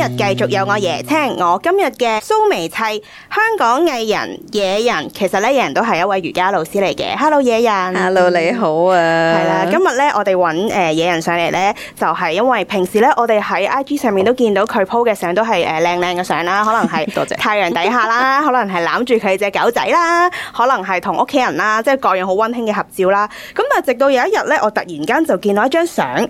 今日繼續有我椰青，我今日嘅 Sportsomate 係香港藝人野人，其實咧，野人都係一位瑜伽老師嚟嘅。Hello，野人，Hello，你好啊！係啦，今日咧，我哋揾誒野人上嚟咧，就係、是、因為平時咧，我哋喺 I G 上面都見到佢 po 嘅相都係誒靚靚嘅相啦，可能係多太陽底下啦，可能係攬住佢隻狗仔啦，可能係同屋企人啦，即係各樣好温馨嘅合照啦。咁啊，直到有一日咧，我突然間就見到一張相，咁嗰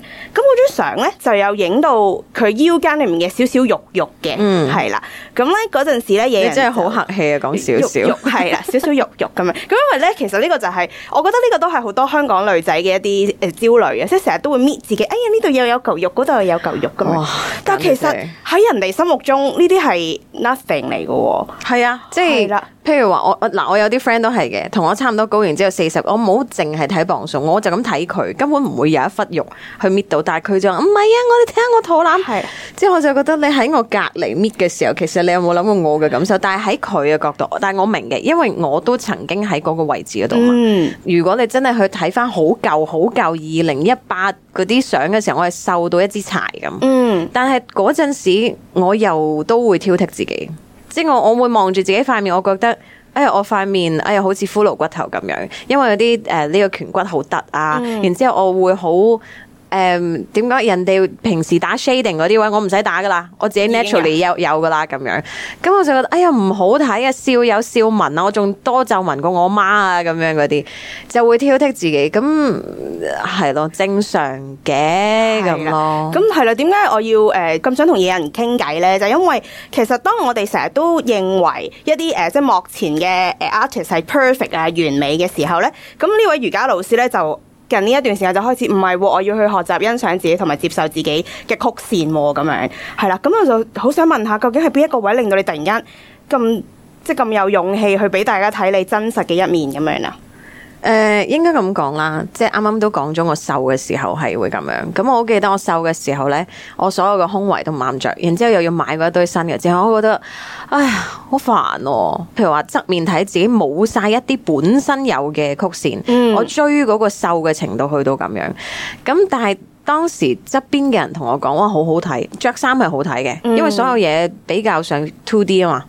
張相咧就有影到佢腰間裏面嘅少少。肉肉嘅，係啦、嗯，咁咧嗰陣時咧，嘢真係好客氣啊，講少少肉，係啦，少少肉肉咁樣，咁 因為咧，其實呢個就係、是，我覺得呢個都係好多香港女仔嘅一啲誒焦慮啊，即係成日都會搣自己，哎呀呢度又有嚿肉，嗰度又有嚿肉咁樣，哦、但係其實喺人哋心目中呢啲係 nothing 嚟嘅。係啊，即、就、係、是。譬如話我嗱我有啲 friend 都係嘅，同我差唔多高，然之後四十，我冇淨係睇磅數，我就咁睇佢，根本唔會有一忽肉去搣到，但係佢就話唔係啊，我哋睇下我肚腩，係，是之後我就覺得你喺我隔籬搣嘅時候，其實你有冇諗過我嘅感受？但係喺佢嘅角度，但係我明嘅，因為我都曾經喺嗰個位置嗰度嘛。嗯，如果你真係去睇翻好舊好舊二零一八嗰啲相嘅時候，我係瘦到一支柴咁，嗯，但係嗰陣時我又都會挑剔自己。即我我會望住自己塊面，我覺得哎呀我塊面哎呀好似骷髏骨頭咁樣，因為有啲誒呢個顴骨好突啊，嗯、然之後我會好。誒，點解、um？人哋平時打 shading 嗰啲位，我唔使打噶啦，我自己 naturally 有有噶啦，咁樣。咁我就覺得，哎呀，唔好睇啊，笑有笑紋啊，我仲多皺紋過我媽啊，咁樣嗰啲，就會挑剔自己。咁係咯，正常嘅咁樣。咁係啦，點解我要誒咁、呃、想同野人傾偈咧？就因為其實當我哋成日都認為一啲誒、呃，即係幕前嘅誒、呃、artist 係 perfect 啊、呃，完美嘅時候咧，咁呢位瑜伽老師咧就。近呢一段時間就開始，唔係喎，我要去學習欣賞自己同埋接受自己嘅曲線喎，咁樣係啦。咁我就好想問下，究竟係邊一個位令到你突然間咁即係咁有勇氣去俾大家睇你真實嘅一面咁樣呀？誒、呃，應該咁講啦，即係啱啱都講咗我瘦嘅時候係會咁樣。咁我好記得我瘦嘅時候呢，我所有嘅胸圍都唔啱着，然之後又要買嗰一堆新嘅之後，我覺得，哎呀，好煩哦、啊。譬如話側面睇自己冇晒一啲本身有嘅曲線，嗯、我追嗰個瘦嘅程度去到咁樣。咁但係當時側邊嘅人同我講，哇，好好睇，着衫係好睇嘅，因為所有嘢比較上 two D 啊嘛。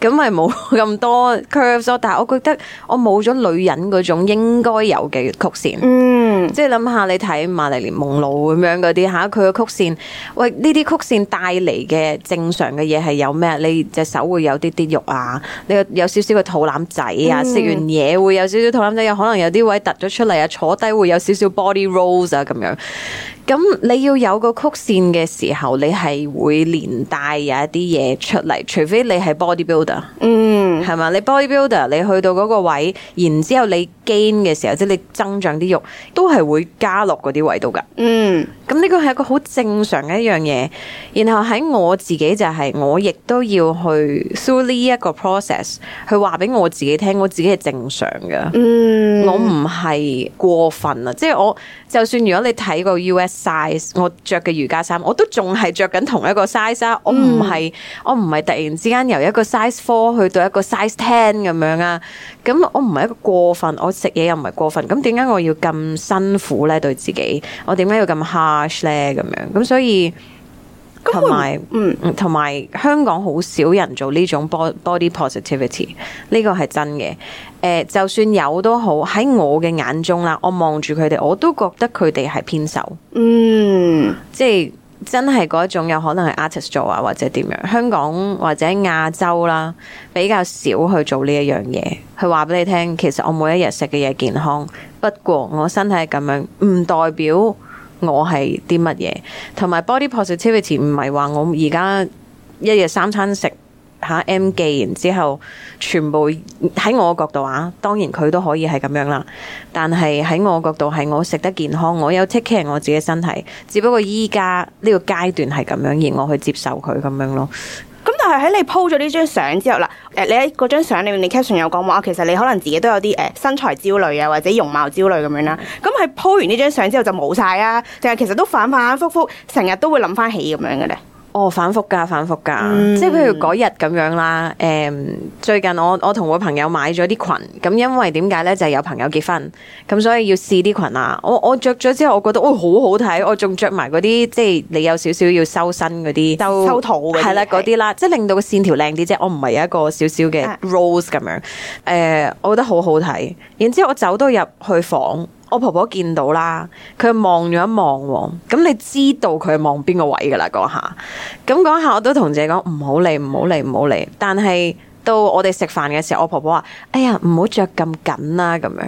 咁咪冇咁多 curves 咯，但係我覺得我冇咗女人嗰種應該有嘅曲線，嗯、mm.，即係諗下你睇《瑪麗蓮夢露》咁樣嗰啲吓，佢嘅曲線，喂，呢啲曲線帶嚟嘅正常嘅嘢係有咩？你隻手會有啲啲肉啊，你有少少個肚腩仔啊，食完嘢會有少少肚腩仔，啊，有、mm. 可能有啲位突咗出嚟啊，坐低會有少少 body rolls 啊咁樣。咁你要有個曲線嘅時候，你係會連帶有一啲嘢出嚟，除非你係 bodybuilder，嗯，係嘛？你 bodybuilder，你去到個位，然之後你 gain 嘅時候，即係你增長啲肉，都係會加落啲位度噶。嗯，咁呢個係一個好正常嘅一樣嘢。然後喺我自己就係、是，我亦都要去 through 呢一個 process 去話俾我自己聽，我自己係正常嘅。嗯，我唔係過分啊，即係我就算如果你睇過 US size 我着嘅瑜伽衫，我都仲係着緊同一個 size 啦。嗯、我唔係，我唔係突然之間由一個 size four 去到一個 size ten 咁樣啊。咁我唔係一個過分，我食嘢又唔係過分。咁點解我要咁辛苦咧？對自己，我點解要咁 harsh 咧？咁樣咁所以。同埋，嗯，同埋香港好少人做呢種 body positivity，呢個係真嘅。誒、呃，就算有都好，喺我嘅眼中啦，我望住佢哋，我都覺得佢哋係偏瘦。嗯，即係真係嗰一種有可能係 artist 做啊，或者點樣。香港或者亞洲啦，比較少去做呢一樣嘢。佢話俾你聽，其實我每一日食嘅嘢健康，不過我身體係咁樣，唔代表。我係啲乜嘢，同埋 body positivity 唔係話我而家一日三餐食下 M 記，然之後全部喺我角度話，啊，當然佢都可以係咁樣啦。但係喺我角度係我食得健康，我有 take care 我自己身體，只不過依家呢個階段係咁樣，而我去接受佢咁樣咯。咁但係喺你 po 咗呢張相之後啦，誒，你喺嗰張相裏面，你 caption 有講話，其實你可能自己都有啲誒身材焦慮啊，或者容貌焦慮咁樣啦。咁喺 po 完呢張相之後就冇晒啦，定係其實都反反复复，成日都會諗翻起咁樣嘅咧？哦，反覆㗎，反覆㗎，嗯、即係譬如嗰日咁樣啦。誒、嗯，最近我我同我朋友買咗啲裙，咁因為點解咧？就係、是、有朋友結婚，咁所以要試啲裙啊。我我著咗之後，我覺得哦好好睇，我仲着埋嗰啲即係你有少少要收身嗰啲收收肚係啦嗰啲啦，即係的令到個線條靚啲啫。我唔係有一個少少嘅 roll 咁樣，誒、呃，我覺得好好睇。然後之後我走都入去房。我婆婆見到啦，佢望咗一望，咁你知道佢望邊個位噶啦？嗰下，咁嗰下我都同自己講唔好理，唔好理，唔好理。但係到我哋食飯嘅時候，我婆婆話：哎呀，唔好着咁緊啦。咁樣，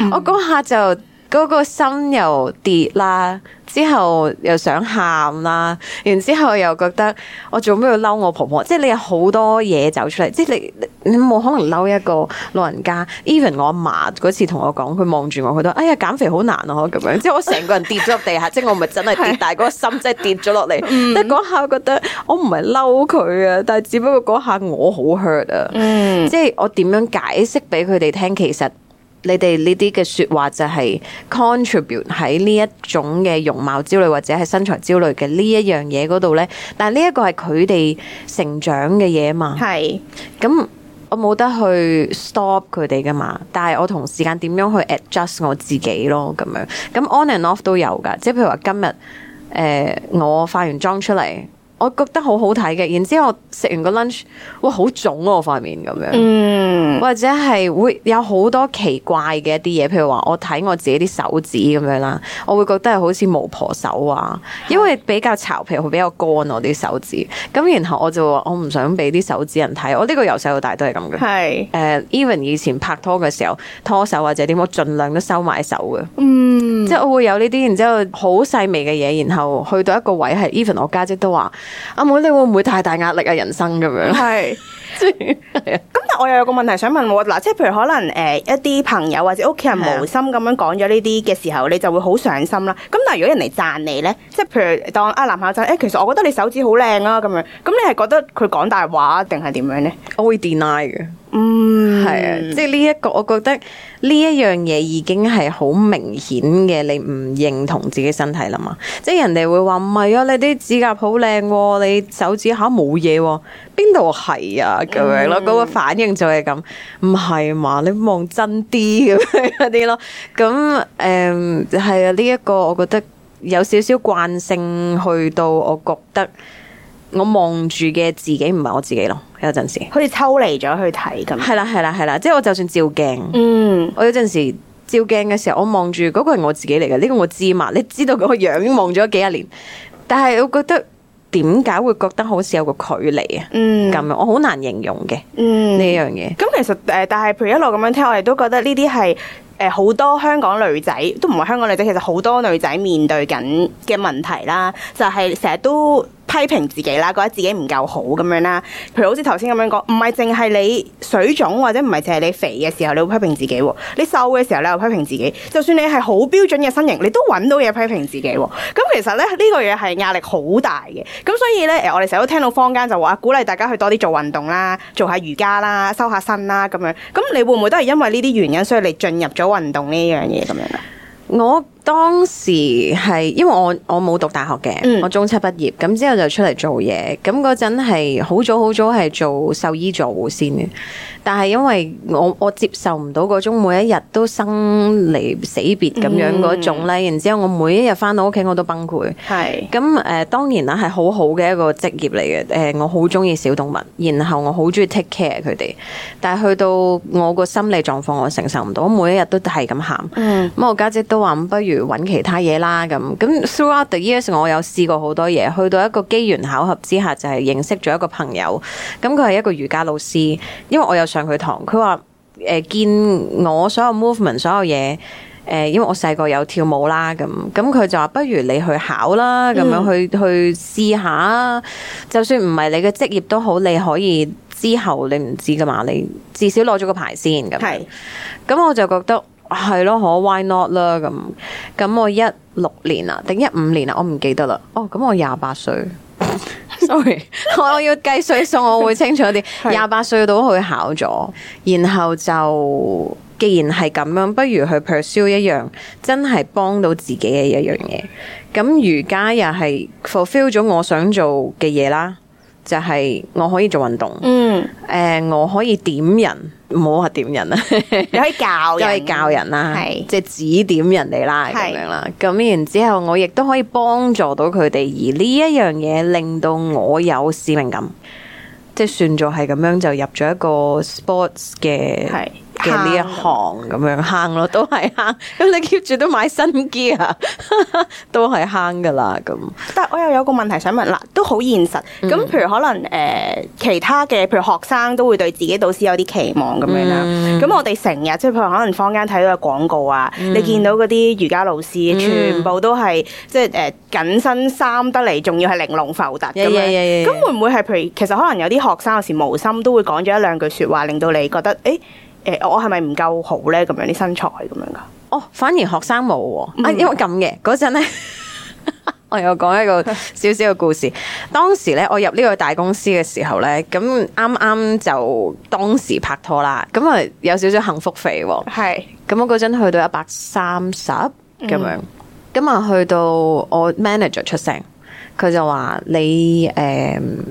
嗯、我嗰下就嗰、嗰個心又跌啦，之後又想喊啦，然之後又覺得我做咩要嬲我婆婆？即係你有好多嘢走出嚟，即係你。你冇可能嬲一個老人家，even 我阿嫲嗰次同我講，佢望住我，佢都，哎呀減肥好難哦，啊，咁樣，即、就、係、是、我成個人跌咗落地下，即係 我咪真係跌，但嗰個心，真係跌咗落嚟。但係嗰下我覺得我唔係嬲佢啊，但係只不過嗰下我好 hurt 啊，即係、嗯、我點樣解釋俾佢哋聽，其實你哋呢啲嘅説話就係 contribute 喺呢一種嘅容貌焦慮或者係身材焦慮嘅呢一樣嘢嗰度咧。但係呢一個係佢哋成長嘅嘢嘛，係咁、嗯。嗯我冇得去 stop 佢哋㗎嘛，但係我同時間點樣去 adjust 我自己咯，咁樣咁 on and off 都有㗎，即係譬如話今日，誒、呃、我化完妝出嚟。我覺得好好睇嘅，然之後食完個 lunch，哇好腫喎塊面咁樣，或者係會有好多奇怪嘅一啲嘢，譬如話我睇我自己啲手指咁樣啦，我會覺得係好似巫婆手啊，因為比較潮皮，會比，比較乾我啲手指，咁然後我就話我唔想俾啲手指人睇，我、這、呢個由細到大都係咁嘅，係誒是、uh, even 以前拍拖嘅時候拖手或者點，我盡量都收埋手嘅，嗯。即係我會有呢啲，然之後好細微嘅嘢，然後去到一個位係，even 我家姐,姐都話：阿、啊、妹，你會唔會太大壓力啊？人生咁樣，係，即係，咁但係我又有個問題想問我，嗱，即係譬如可能誒一啲朋友或者屋企人無心咁樣講咗呢啲嘅時候，是啊、你就會好上心啦。咁但係如果人哋讚你咧，即係譬如當阿男朋友讚，誒、哎，其實我覺得你手指好靚啊，咁樣，咁你係覺得佢講大話定係點樣咧？我會 deny 嘅。嗯，係啊，即係呢一個，我覺得呢一樣嘢已經係好明顯嘅，你唔認同自己身體啦嘛。即係人哋會話，唔係啊，你啲指甲好靚喎，你手指下冇嘢，邊度係啊咁樣咯？嗰，哦啊嗯、個反應就係咁，唔係嘛？你望真啲咁樣嗰啲咯。咁誒，係、 嗯、啊，呢、這、一個我覺得有少少慣性去到，我覺得。我望住嘅自己唔係我自己咯，有陣時好似抽離咗去睇咁。係啦係啦係啦，即係我就算照鏡，嗯，我有陣時照鏡嘅時候，我望住嗰個係我自己嚟嘅，呢、這個我知嘛，你知道個樣已經望咗幾廿年，但係我覺得點解會覺得好似有個距離啊？嗯，咁樣我好難形容嘅，嗯，呢樣嘢。咁、嗯、其實誒、呃，但係譬如一路咁樣聽，我哋都覺得呢啲係誒好多香港女仔，都唔係香港女仔，其實好多女仔面對緊嘅問題啦，就係成日都，批評自己啦，覺得自己唔夠好咁樣啦。譬如好似頭先咁樣講，唔係淨係你水腫或者唔係淨係你肥嘅時候，你會批評自己。你瘦嘅時候你又批評自己。就算你係好標準嘅身形，你都揾到嘢批評自己。咁其實咧呢個嘢係壓力好大嘅。咁所以咧，我哋成日都聽到坊間就話鼓勵大家去多啲做運動啦，做下瑜伽啦，收下身啦咁樣。咁你會唔會都係因為呢啲原因，所以你進入咗運動呢樣嘢咁樣啊？我。當時係因為我我冇讀大學嘅，我中七畢業咁之後就出嚟做嘢。咁陣係好早好早係做獸醫做先嘅，但係因為我我接受唔到種每一日都生離死別咁樣種咧。嗯、然之後我每一日返到屋企我都崩潰。係咁誒，當然啦，係好好嘅一個職業嚟嘅。誒、呃，我好中意小動物，然後我好中意 take care 佢哋。但係去到我個心理狀況，我承受唔到，我每一日都係咁喊。咁、嗯、我家姐，姐都話唔不如。搵其他嘢啦，咁咁 throughout the years，我有試過好多嘢，去到一個機緣巧合之下，就係、是、認識咗一個朋友，咁佢係一個瑜伽老師，因為我有上佢堂，佢話誒見我所有 movement 所有嘢，誒、呃、因為我細個有跳舞啦，咁咁佢就話不如你去考啦，咁樣去、嗯、去試下，就算唔係你嘅職業都好，你可以之後你唔知噶嘛，你至少攞咗個牌先咁，係，咁是我就覺得。係咯，可 Why not 啦？咁咁我一六年啊，定一五年啊，我唔記得啦。哦，咁我廿八歲，sorry， 我要計歲數我會清楚啲。廿八歲到去考咗，然後就既然係咁樣，不如去 pursue 一樣真係幫到自己嘅一樣嘢。咁的瑜伽又係 fulfill 咗我想做嘅嘢啦。就係我可以做運動，誒、嗯呃，我可以點人，唔好話點人啦， 你可以教，可以 教人啦，即係是指點人哋啦咁樣啦，咁然後之後我亦都可以幫助到佢哋，而呢一樣嘢令到我有使命感，即、就、係、是、算做係咁樣就入咗一個 sports 嘅系。呢一行咁樣慳咯，都係慳。咁你 keep 住都買新機啊，都係慳噶啦。咁，但係我又有個問題想問啦，都好現實。咁譬如，可能誒，其他嘅，譬如學生都會對自己導師有啲期望咁樣啦。咁我哋成日即係譬如可能坊間睇到嘅廣告啊，你見到嗰啲瑜伽老師全部都係即係誒緊身衫得嚟，仲要係玲瓏浮凸咁樣。咁會唔會係？譬如其實可能有啲學生有時無心都會講咗一兩句說話，令到你覺得誒。誒，我係咪唔夠好咧？咁樣啲身材咁樣噶？哦，反而學生冇，嗯、啊，因為咁嘅嗰陣咧，我有講一個少少嘅故事。 當時咧，我入呢個大公司嘅時候咧，咁啱啱就當時拍拖啦，咁啊有少少幸福肥喎、喔，係。咁我嗰陣去到一百三十咁樣，咁啊去到我 manager 出聲，佢就話你誒、嗯，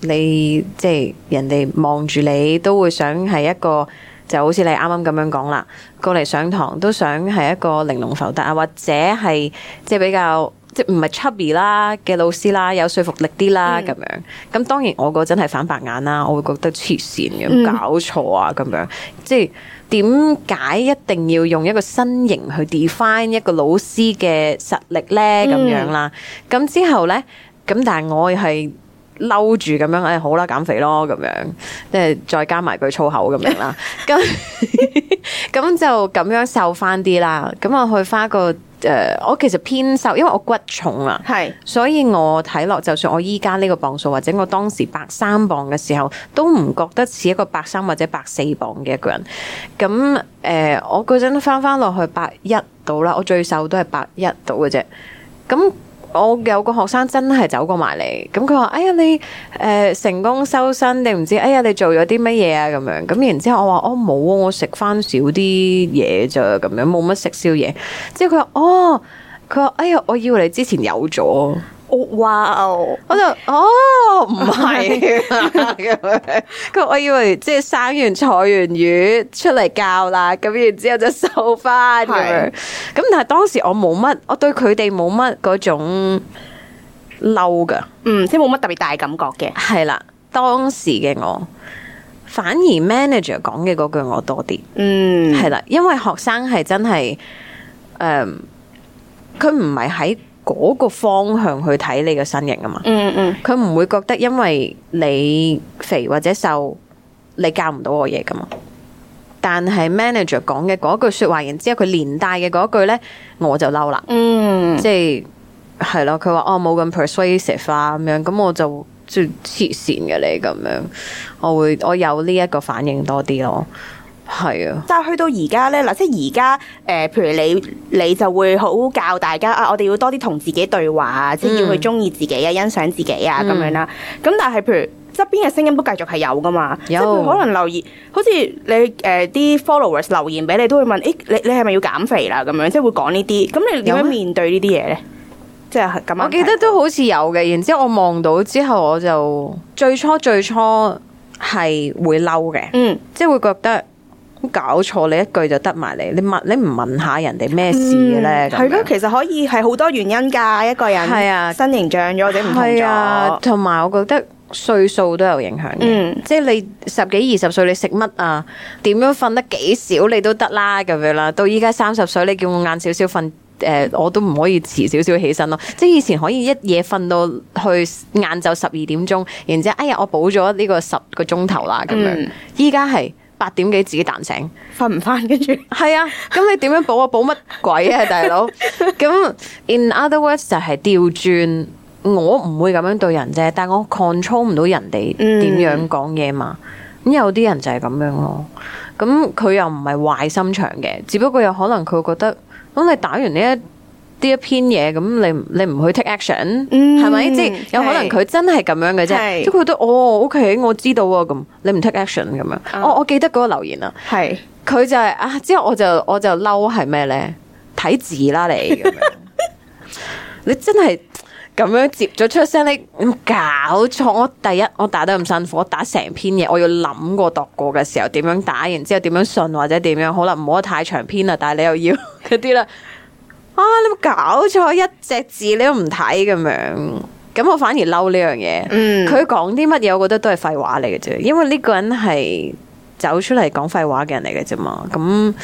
你即係人哋望住你都會想係一個。就好似你啱啱咁樣講啦，過嚟上堂都想係一個玲瓏浮凸啊，或者係即係比較即係唔係 chubby 啦嘅老師啦，有說服力啲啦咁樣。咁當然我嗰陣係反白眼啦，我會覺得黐線嘅，搞錯啊咁樣。即係點解一定要用一個身形去 define 一個老師嘅實力呢？咁樣啦。咁、嗯、之後呢？咁但係我係。嬲住咁樣，哎，好啦，減肥咯，咁樣，即係再加埋句粗口咁樣， 那 樣啦。咁咁就咁樣瘦翻啲啦。咁我去翻個誒、呃，我其實偏瘦，因為我骨重啊，係是，所以我睇落，就算我依家呢個磅數，或者我當時百三磅嘅時候，都唔覺得似一個百三或者百四磅嘅一個人。咁誒、呃，我嗰陣翻翻落去百一度啦，我最瘦都係百一度嘅啫。咁。我有個學生真係走過埋嚟，咁佢話：哎呀，你誒、呃、成功收身定唔知？哎呀你做咗啲乜嘢啊？咁樣咁然之後我話：我冇，我食返少啲嘢咋咁樣，冇乜食宵夜。之後佢話：哦，佢話、哦：哎呀，我以為你之前有咗。哇 Wow. 哦！我就哦唔係佢，我以為即係生完坐完月出嚟教啦，咁然之後就收翻咁 的但係當時我冇乜，我對佢哋冇乜嗰種嬲噶，嗯，即冇乜特別大感覺嘅。係啦，當時嘅我反而 manager 講嘅嗰句我多啲，嗯，係啦，因為學生係真係，佢唔係喺。嗰個方向去睇你個身形啊嘛，佢唔會覺得、mm mm. 因為你肥或者瘦，你教唔到我嘢噶嘛。但係 manager 講嘅嗰句說話，然之後佢連帶嘅嗰句呢，我就嬲啦、mm hmm.。嗯，即係係咯，佢話我冇咁 persuasive 啊咁樣，咁我就即係黐線嘅你咁樣，我會我有呢一個反應多啲咯。係啊，但係去到而家咧，嗱，即係而家，誒、呃，譬如你，你就會好教大家啊，我哋要多啲同自己對話啊，嗯、即係要去中意自己啊，欣賞自己啊，咁樣啦、嗯。咁但係，譬如側邊嘅聲音都繼續係有㗎嘛，有即係可能留言，好似你誒啲、呃、followers 留言俾你，都會問，誒、欸，你你係咪要減肥啦？咁樣，即係會講呢啲，咁你點樣面對呢啲嘢咧？嗎即係咁啊，我記得都好似有嘅，然之後我望到之後，我就最初最初係會嬲嘅，嗯，即係會覺得。搞錯你一句就得埋嚟。你問你唔問下人哋咩事咧？係咯、嗯樣，其實可以係好多原因噶，一個人，身形脹咗，啊、或者唔同咗？係啊，同埋我覺得歲數都有影響嘅，嗯、即係你十幾二十歲，你食乜啊？點樣瞓得幾少，你都得啦咁樣啦。到依家三十歲，你叫我晏少少瞓，誒、呃，我都唔可以遲少少起身咯、啊。即係以前可以一夜瞓到去晏晝十二點鐘，然之後哎呀，我補咗呢個十個鐘頭啦咁樣。依家係。八點幾自己彈醒，瞓唔翻，跟住，係啊，咁你點樣補啊？補乜鬼啊，大佬！咁 in other words 就係調轉，我唔會咁樣對人啫，但我 control 唔到人哋點樣講嘢嘛。咁、嗯、有啲人就係咁樣咯，咁佢又唔係壞心腸嘅，只不過有可能佢會覺得，咁你打完呢一呢一篇嘢咁，你你唔去 take action，係咪？即係有可能佢真係咁樣嘅啫，即佢都覺得哦，OK，我知道啊，咁你唔 take action 咁樣，我我記得嗰個留言啦，係佢就係啊，之後我就我就嬲係咩咧？睇字啦，你你真係咁樣接咗出聲，你搞錯！我第一我打得咁辛苦，我打成篇嘢，我要諗過度過嘅時候點樣打，然之後點樣順或者點樣，可能唔好太長篇啦，但係你又要嗰啲啦。啊！你冇搞錯一隻字，你都唔睇咁樣，咁我反而嬲呢樣嘢。嗯，佢講啲乜嘢，我覺得都係廢話嚟嘅啫。因為呢個人係走出嚟講廢話嘅人嚟嘅啫嘛。咁誒、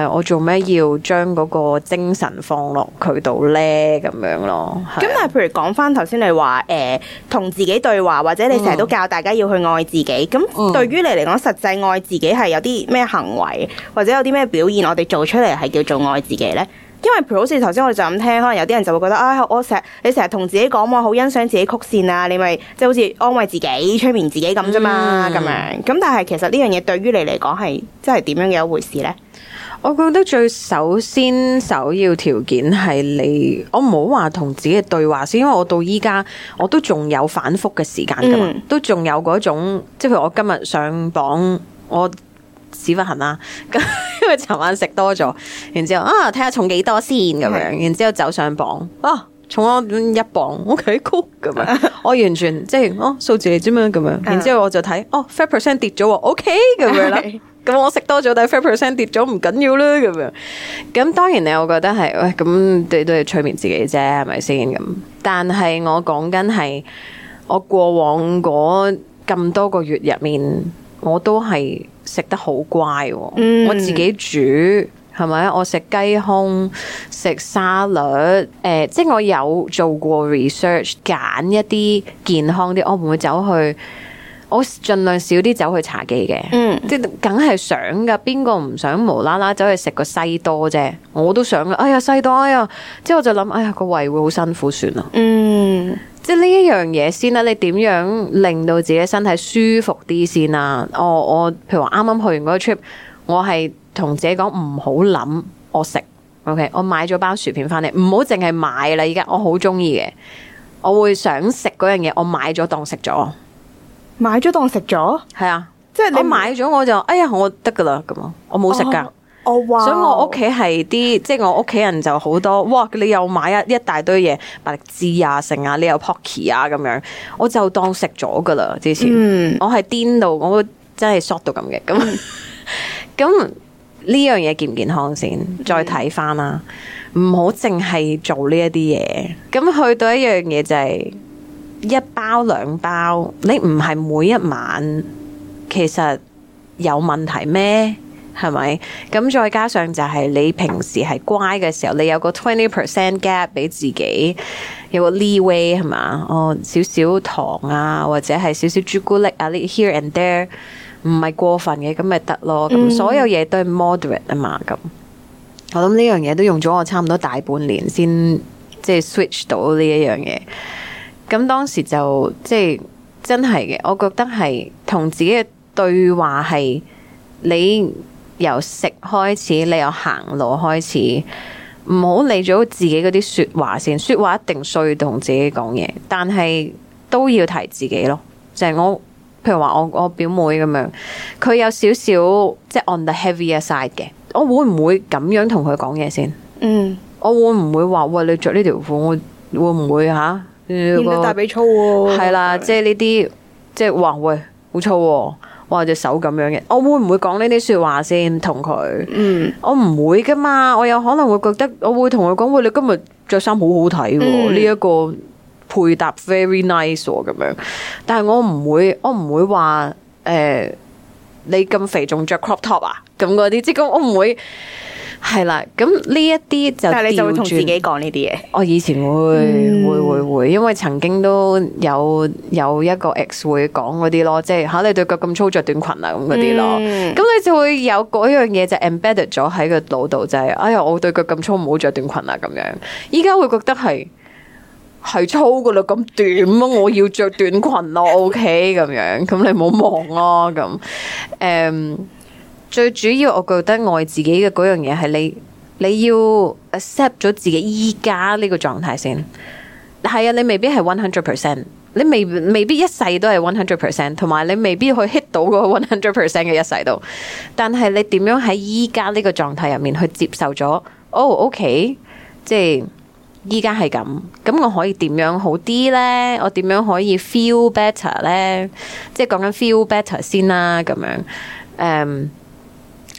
啊，我做咩要將嗰個精神放落佢度呢？咁樣咯。咁但係，譬如講翻頭先你話誒，同自己對話，或者你成日都教大家要去愛自己。咁、嗯、對於你嚟講，實際愛自己係有啲咩行為，或者有啲咩表現，我哋做出嚟係叫做愛自己呢？因為譬如好似頭先我哋就咁聽，可能有啲人就會覺得，唉、哎，我成日你成日同自己講，我好欣賞自己曲線啊，你咪即係好似安慰自己、催眠自己咁啫嘛，咁、嗯、樣。咁但係其實呢樣嘢對於你嚟講係即係點樣嘅一回事呢？我覺得最首先首要條件係你，我唔好話同自己對話先，因為我到依家我都仲有反覆嘅時間噶嘛，嗯、都仲有嗰種，即係譬如我今日上磅我。屎忽痕啦，咁因為尋晚食多咗，然之後啊，睇下重幾多先咁樣，然之後走上磅，啊、磅，啊重咗一磅，O K，cool，咁樣， 我完全即係哦數字嚟啫嘛，咁樣，然之後我就睇哦 five percent 跌咗，O K，咁樣啦，咁我食多咗但係 five percent 跌咗唔緊要啦，咁樣，咁、 嗯、當然你。我覺得係喂，咁、哎、你都要催眠自己啫，係咪先咁？但係我講緊係我過往嗰咁多個月入面，我都係。食得好乖、哦， 我自己煮係咪？我食雞胸，食沙律，誒、呃，即係我有做過 research，揀一啲健康啲，我唔會走去，我盡量少啲走去茶記嘅，嗯， 即係梗係想噶，邊個唔想無啦啦走去食個西多啫？我都想啊，哎呀西多，呀、啊，之後我就諗，哎呀個胃會好辛苦，算啦，嗯。 即係呢一樣嘢先啦，啊，你點樣令到自己身體舒服啲先啊？哦，我我譬如話啱啱去完嗰個 trip，我係同自己講唔好諗我食，OK，我買咗包薯片返嚟，唔好淨係買啦。而家我好中意嘅，我會想食嗰樣嘢，我買咗當食咗，買咗當食咗，係啊，即係你買咗我就，我不哎呀，我得㗎喇，咁我冇食㗎。哦 Oh, wow. 所以我屋企係啲，即係我屋企人就好多，哇！你又買一一大堆嘢，百力滋啊，剩啊，你又 Pocky 啊，咁樣，我就當食咗㗎啦，之前，mm. 我係癲到，我真係 short 到咁嘅，咁，咁呢 樣嘢健唔健康先？再睇翻，啦，唔好淨係做呢一啲嘢。咁去到一樣嘢就係，是，一包兩包，你唔係每一晚，其實有問題咩？係咪？咁再加上就係你平時係乖嘅時候，你有個 twenty percent gap 俾自己，有個 leeway 係嘛？哦，少少糖啊，或者係少少朱古力啊，呢 here and there 唔係過分嘅，咁咪得咯。咁所有嘢都係 moderate 啊嘛。咁、嗯、我諗呢樣嘢都用咗我差唔多大半年先，即係 switch 到呢一樣嘢。咁當時就即係真係嘅，我覺得係同自己嘅對話係你。由食開始，你由行路開始，唔好理咗自己嗰啲説話先。説話一定需要同自己講嘢，但係都要提自己咯。就係、是、我，譬如話我我表妹咁樣，佢有少少即係 on the heavier side 嘅，我會唔會咁樣同佢講嘢先？嗯，我會唔會話喂，你着呢條褲？我會唔會嚇？顯、啊、得、那個、大髀粗喎、哦？係啦，即係呢啲，即係話喂，好粗喎。哇，隻手咁樣嘅，我會唔會講呢啲説話先同佢？嗯，我唔會噶嘛，我有可能會覺得，我會同佢講，喂，你今日着衫好好睇喎，呢一、嗯、個配搭 very nice 喎、哦、咁樣。但係我唔會，我唔會話誒、呃、你咁肥仲着 crop top 啊，咁嗰啲，即、就、係、是、我唔會。係啦，咁呢一啲就但係你就會同自己講呢啲嘢。我、哦、以前會會會會，因為曾經都有有一個 ex 會講嗰啲咯，即係吓、啊、你對腳咁粗着短裙啊咁嗰啲咯。咁、嗯、你就會有嗰樣嘢就 embedded 咗喺個腦度，就係、是、哎呀我對腳咁粗唔好着短裙啊咁樣。依家會覺得係係粗噶啦，咁短啊， 我要着短裙咯，OK 咁樣，咁你唔好忘啦咁，誒。 最主要，我覺得愛自己嘅嗰樣嘢係你，你要 accept 咗自己依家呢個狀態先。係啊，你未必係 one hundred percent，你未未必一世都係 one hundred percent，同埋你未必去 hit 到個 one hundred percent 嘅一世度。但係你點樣喺依家呢個狀態入面去接受咗？哦、oh，OK，即係依家係咁，咁我可以點樣好啲呢？我點樣可以 feel better 呢？即係講緊 feel better 先啦，咁樣誒。Um,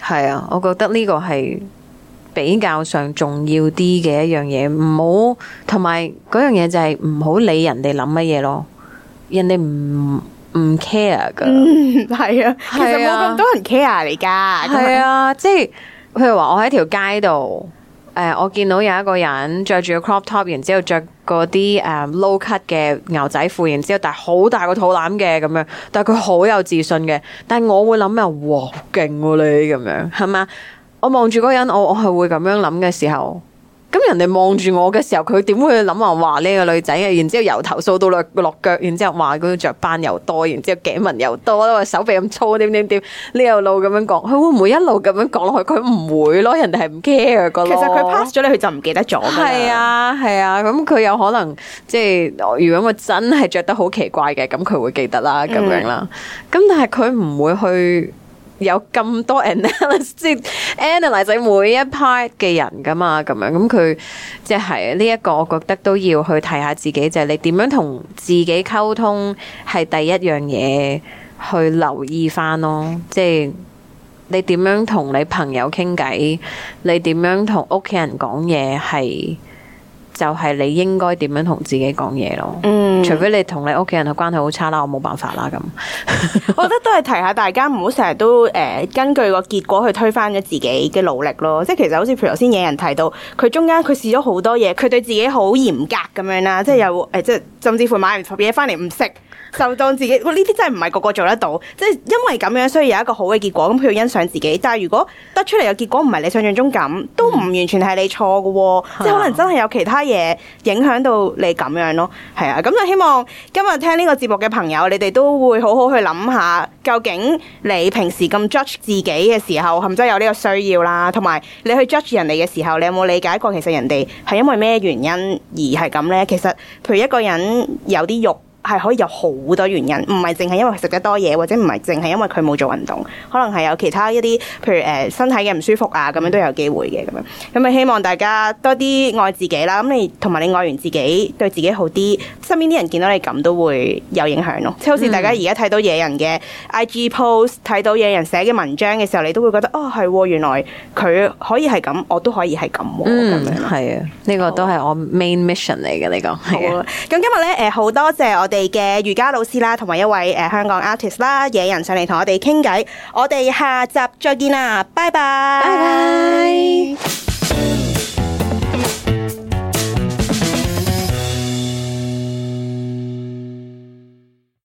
係啊，我覺得呢個係比較上重要啲嘅一樣嘢，唔好同埋嗰樣嘢就係唔好理人哋諗乜嘢咯，人哋唔唔 care 噶，係、嗯、啊，其實冇咁多人 care 嚟噶，係、就是、啊，即係譬如話我喺條街度。誒，uh, 我見到有一個人着住個 crop top，然之後着嗰啲誒 low cut 嘅牛仔褲，然之後但係好大個肚腩嘅咁樣，但係佢好有自信嘅，但係我會諗哇勁喎你咁樣係嘛？我望住嗰人，我我係會咁樣諗嘅時候。咁人哋望住我嘅時候，佢點會諗話話呢個女仔嘅？然之後由頭掃到落落腳，然之後話嗰雀斑又多，然之後頸紋又多啦，手臂咁粗，點點點，呢條路咁樣講，佢會唔會一路咁樣講落去？佢唔會咯，人哋係唔 care。其實佢 pass 咗你，佢就唔記得咗。係啊，係啊，咁佢有可能即係，如果我真係着得好奇怪嘅，咁佢會記得啦，咁樣啦。咁、嗯、但係佢唔會去。有咁多 analysis 係楽 analysis 每一 part 嘅人㗎嘛，咁樣，咁佢即係呢一個我覺得都要去睇下自己，就係、是、你點樣同自己溝通係第一樣嘢去留意返咯，即、就、係、是、你點樣同你朋友傾偈，你點樣同屋企人講嘢係。就係你應該點樣同自己講嘢咯，mm. 除非你同你屋企人嘅關係好差啦，我冇辦法啦咁。 我覺得都係提下大家唔好成日都誒、呃、根據個結果去推翻咗自己嘅努力咯。即係其實好似譬如頭先野人提到，佢中間佢試咗好多嘢，佢對自己好嚴格咁樣啦，即係又誒，mm. 即係甚至乎買完同嘢翻嚟唔識，就當自己呢啲真係唔係個個做得到，即、就、係、是、因為咁樣，所以有一個好嘅結果。咁佢要欣賞自己。但係如果得出嚟嘅結果唔係你想象中咁，都唔完全係你錯嘅、哦，嗯、即係可能真係有其他嘢影響到你咁樣咯、哦。係啊，咁、嗯、就、啊嗯、希望今日聽呢個節目嘅朋友，你哋都會好好去諗下，究竟你平時咁 judge 自己嘅時候，係咪真係有呢個需要啦？同埋你去 judge 人哋嘅時候，你有冇理解過其實人哋係因為咩原因而係咁呢？其實譬如一個人有啲肉。係可以有好多原因，唔係淨係因為食得多嘢，或者唔係淨係因為佢冇做運動，可能係有其他一啲，譬如誒、呃、身體嘅唔舒服啊，咁樣都有機會嘅咁樣。咁啊，希望大家多啲愛自己啦。咁你同埋你愛完自己，對自己好啲，身邊啲人見到你咁都會有影響咯。即係好似大家而家睇到野人嘅 IG post，睇到野人寫嘅文章嘅時候，你都會覺得哦，係原來佢可以係咁，我都可以係咁、啊。嗯，係啊樣，呢、這個都係我 main mission 嚟嘅。呢個係咁今日咧，誒、呃、好多謝我。我哋嘅瑜伽老師啦，同埋一位誒、呃、香港 artist 啦，野人上嚟同我哋傾偈。我哋下集再見啦，拜拜，拜拜。